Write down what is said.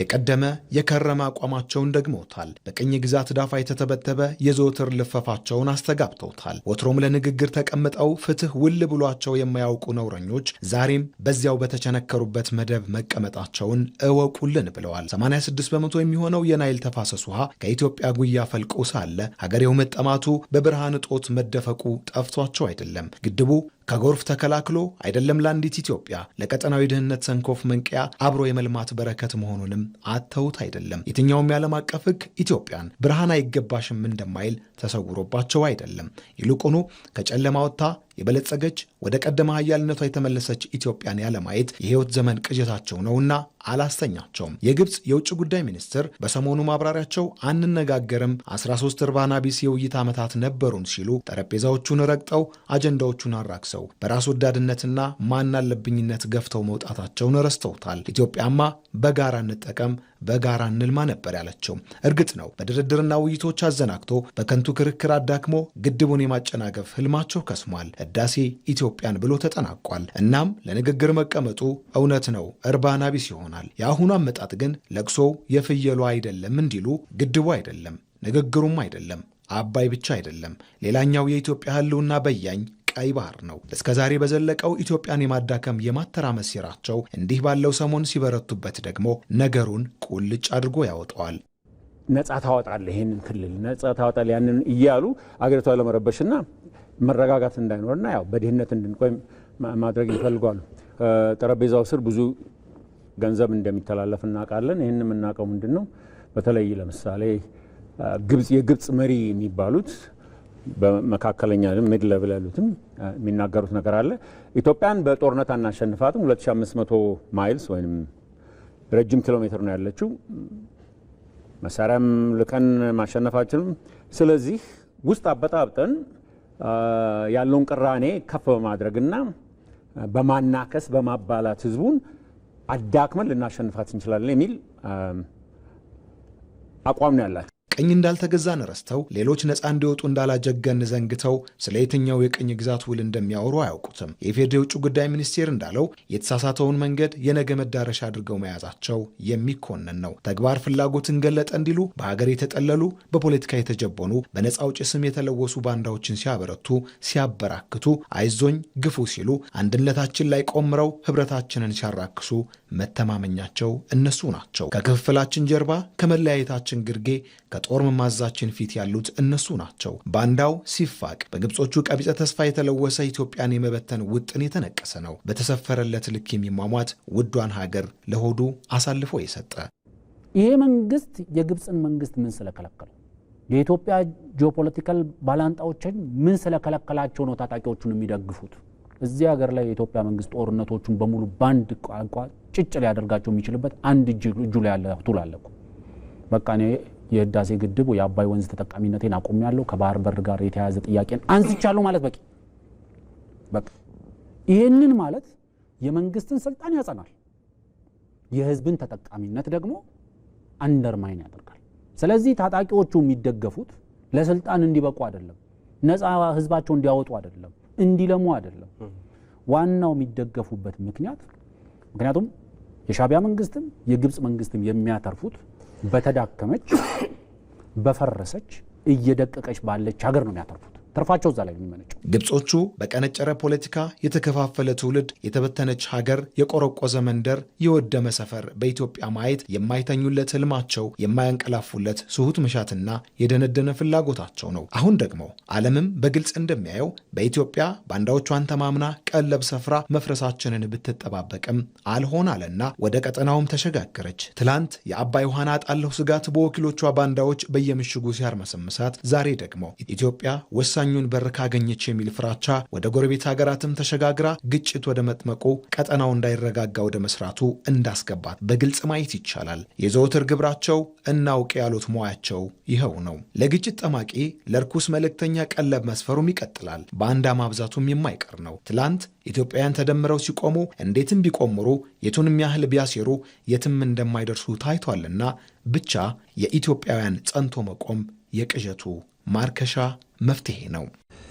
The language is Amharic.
የቀደመ የከረመ አቋማቸውን ደግመውታል። በቅኝ ግዛት ዳፋ የተተበተበ የዘወትር ልፈፋቸውን አስተጋብተውታል። ወትሮም ለንግግር ተቀምጠው ፍትህ ውል ብሏቸው የማያውቁ ነውረኞች ዛሬም በዚያው በተቸነከሩበት መደብ መቀመጣቸውን እወቁልን ብለዋል። 86 በመቶ የሚሆነው የናይል ተፋሰስ ውሃ ከኢትዮጵያ ጉያ ፈልቆ ሳለ ሀገሬው መጠማቱ በብርሃን እጦት መደፈቁ ጠፍቷቸው አይደለም። ግድቡ ከጎርፍ ተከላክሎ አይደለም ለአንዲት ኢትዮጵያ ለቀጠናዊ ድህነት ሰንኮፍ መንቀያ አብሮ የመልማት በረከት መሆኑንም አተውት አይደለም። የትኛውም የዓለም አቀፍ ሕግ ኢትዮጵያን ብርሃን አይገባሽም እንደማይል ተሰውሮባቸው አይደለም። ይልቁኑ ከጨለማ ወጥታ የበለጸገች ወደ ቀደመ ሀያልነቷ የተመለሰች ኢትዮጵያን ያለማየት የሕይወት ዘመን ቅዠታቸው ነውና አላስተኛቸውም። የግብፅ የውጭ ጉዳይ ሚኒስትር በሰሞኑ ማብራሪያቸው አንነጋገርም 13 እርባና ቢስ የውይይት ዓመታት ነበሩን ሲሉ ጠረጴዛዎቹን ረግጠው አጀንዳዎቹን አራክሰው በራስ ወዳድነትና ማናለብኝነት ገፍተው መውጣታቸውን ረስተውታል። ኢትዮጵያማ በጋራ እንጠቀም በጋራ እንልማ ነበር ያለችው። እርግጥ ነው በድርድርና ውይይቶች አዘናግቶ በከንቱ ክርክር አዳክሞ ግድቡን የማጨናገፍ ህልማቸው ከስሟል። ህዳሴ ኢትዮጵያን ብሎ ተጠናቋል። እናም ለንግግር መቀመጡ እውነት ነው እርባና ቢስ ይሆናል። የአሁኑ አመጣጥ ግን ለቅሶ የፍየሉ አይደለም እንዲሉ ግድቡ አይደለም፣ ንግግሩም አይደለም፣ አባይ ብቻ አይደለም፣ ሌላኛው የኢትዮጵያ ህልውና በያኝ ቀይ ባህር ነው። እስከዛሬ በዘለቀው ኢትዮጵያን የማዳከም የማተራመስ ሴራቸው እንዲህ ባለው ሰሞን ሲበረቱበት ደግሞ ነገሩን ቁልጭ አድርጎ ያወጠዋል። ነጻ ታወጣለ ይህንን ክልል ነጻ ታወጣለ ያንን እያሉ አገሪቷ ለመረበሽና መረጋጋት እንዳይኖርና ያው በድህነት እንድንቆይ ማድረግ ይፈልጓሉ። ጠረጴዛው ስር ብዙ ገንዘብ እንደሚተላለፍ እናውቃለን። ይህን የምናውቀው ምንድን ነው? በተለይ ለምሳሌ የግብፅ የግብጽ መሪ የሚባሉት በመካከለኛ ሚድ ለብል ያሉትም የሚናገሩት ነገር አለ። ኢትዮጵያን በጦርነት አናሸንፋትም። 2500 ማይልስ ወይም ረጅም ኪሎ ሜትር ነው ያለችው። መሳሪያም ልከን ማሸነፋችንም። ስለዚህ ውስጥ አበጣብጠን ያለውን ቅራኔ ከፍ በማድረግና በማናከስ በማባላት ህዝቡን አዳክመን ልናሸንፋት እንችላለን የሚል አቋም ነው ያላቸው። ቅኝ እንዳልተገዛን ረስተው ሌሎች ነፃ እንዲወጡ እንዳላጀገን ዘንግተው ስለ የትኛው የቅኝ ግዛት ውል እንደሚያወሩ አያውቁትም። የኢፌዴሪ የውጭ ጉዳይ ሚኒስቴር እንዳለው የተሳሳተውን መንገድ የነገ መዳረሻ አድርገው መያዛቸው የሚኮነን ነው። ተግባር ፍላጎትን ገለጠ እንዲሉ በሀገር የተጠለሉ በፖለቲካ የተጀቦኑ በነፃ አውጪ ስም የተለወሱ ባንዳዎችን ሲያበረቱ ሲያበራክቱ አይዞኝ ግፉ ሲሉ አንድነታችን ላይ ቆምረው ህብረታችንን ሲያራክሱ መተማመኛቸው እነሱ ናቸው። ከክፍፍላችን ጀርባ ከመለያየታችን ግርጌ ከጦር መማዛችን ፊት ያሉት እነሱ ናቸው። ባንዳው ሲፋቅ በግብጾቹ ቀቢጸ ተስፋ የተለወሰ ኢትዮጵያን የመበተን ውጥን የተነቀሰ ነው። በተሰፈረለት ልክ የሚሟሟት ውዷን ሀገር ለሆዱ አሳልፎ የሰጠ ይሄ መንግስት የግብፅን መንግስት ምን ስለከለከለው የኢትዮጵያ ጂኦፖለቲካል ባላንጣዎችን ምን ስለከለከላቸው ነው ታጣቂዎቹን የሚደግፉት? እዚህ ሀገር ላይ የኢትዮጵያ መንግስት ጦርነቶቹን በሙሉ በአንድ ቋንቋ ጭጭ ሊያደርጋቸው የሚችልበት አንድ እጁ ላይ ያለ ቱል አለ እኮ በቃ እኔ የህዳሴ ግድብ የአባይ ወንዝ ተጠቃሚነቴን አቁሜያለሁ፣ ከባህር በር ጋር የተያያዘ ጥያቄን አንስቻለሁ ማለት በቂ በቃ ይህንን ማለት የመንግስትን ስልጣን ያጸናል፣ የህዝብን ተጠቃሚነት ደግሞ አንደርማይን ያደርጋል። ስለዚህ ታጣቂዎቹ የሚደገፉት ለስልጣን እንዲበቁ አይደለም፣ ነፃ ህዝባቸው እንዲያወጡ አይደለም፣ እንዲለሙ አይደለም። ዋናው የሚደገፉበት ምክንያት ምክንያቱም የሻቢያ መንግስትም የግብጽ መንግስትም የሚያተርፉት በተዳከመች በፈረሰች እየደቀቀች ባለች ሀገር ነው የሚያተርፉት። ትርፋቸው እዛ ላይ የሚመነጨው። ግብጾቹ በቀነጨረ ፖለቲካ የተከፋፈለ ትውልድ፣ የተበተነች ሀገር፣ የቆረቆዘ መንደር፣ የወደመ ሰፈር በኢትዮጵያ ማየት የማይተኙለት ህልማቸው፣ የማያንቀላፉለት ስሁት መሻትና የደነደነ ፍላጎታቸው ነው። አሁን ደግሞ ዓለምም በግልጽ እንደሚያየው በኢትዮጵያ ባንዳዎቿን ተማምና ቀለብ ሰፍራ መፍረሳችንን ብትጠባበቅም አልሆን አለና ወደ ቀጠናውም ተሸጋገረች። ትላንት የአባይ ውሃን አጣለሁ ስጋት በወኪሎቿ ባንዳዎች በየምሽጉ ሲያርመሰምሳት፣ ዛሬ ደግሞ ኢትዮጵያ ወሳኝ ወሳኙን በር ካገኘች የሚል ፍራቻ ወደ ጎረቤት ሀገራትም ተሸጋግራ ግጭት ወደ መጥመቁ ቀጠናው እንዳይረጋጋ ወደ መስራቱ እንዳስገባት በግልጽ ማየት ይቻላል። የዘወትር ግብራቸው እናውቅ ያሉት ሙያቸው ይኸው ነው። ለግጭት ጠማቂ ለርኩስ መልእክተኛ ቀለብ መስፈሩም ይቀጥላል። በአንዳ ማብዛቱም የማይቀር ነው። ትላንት ኢትዮጵያውያን ተደምረው ሲቆሙ እንዴትም ቢቆምሩ የቱንም ያህል ቢያሴሩ የትም እንደማይደርሱ ታይቷልና ብቻ የኢትዮጵያውያን ጸንቶ መቆም የቅዠቱ ማርከሻ መፍትሄ ነው።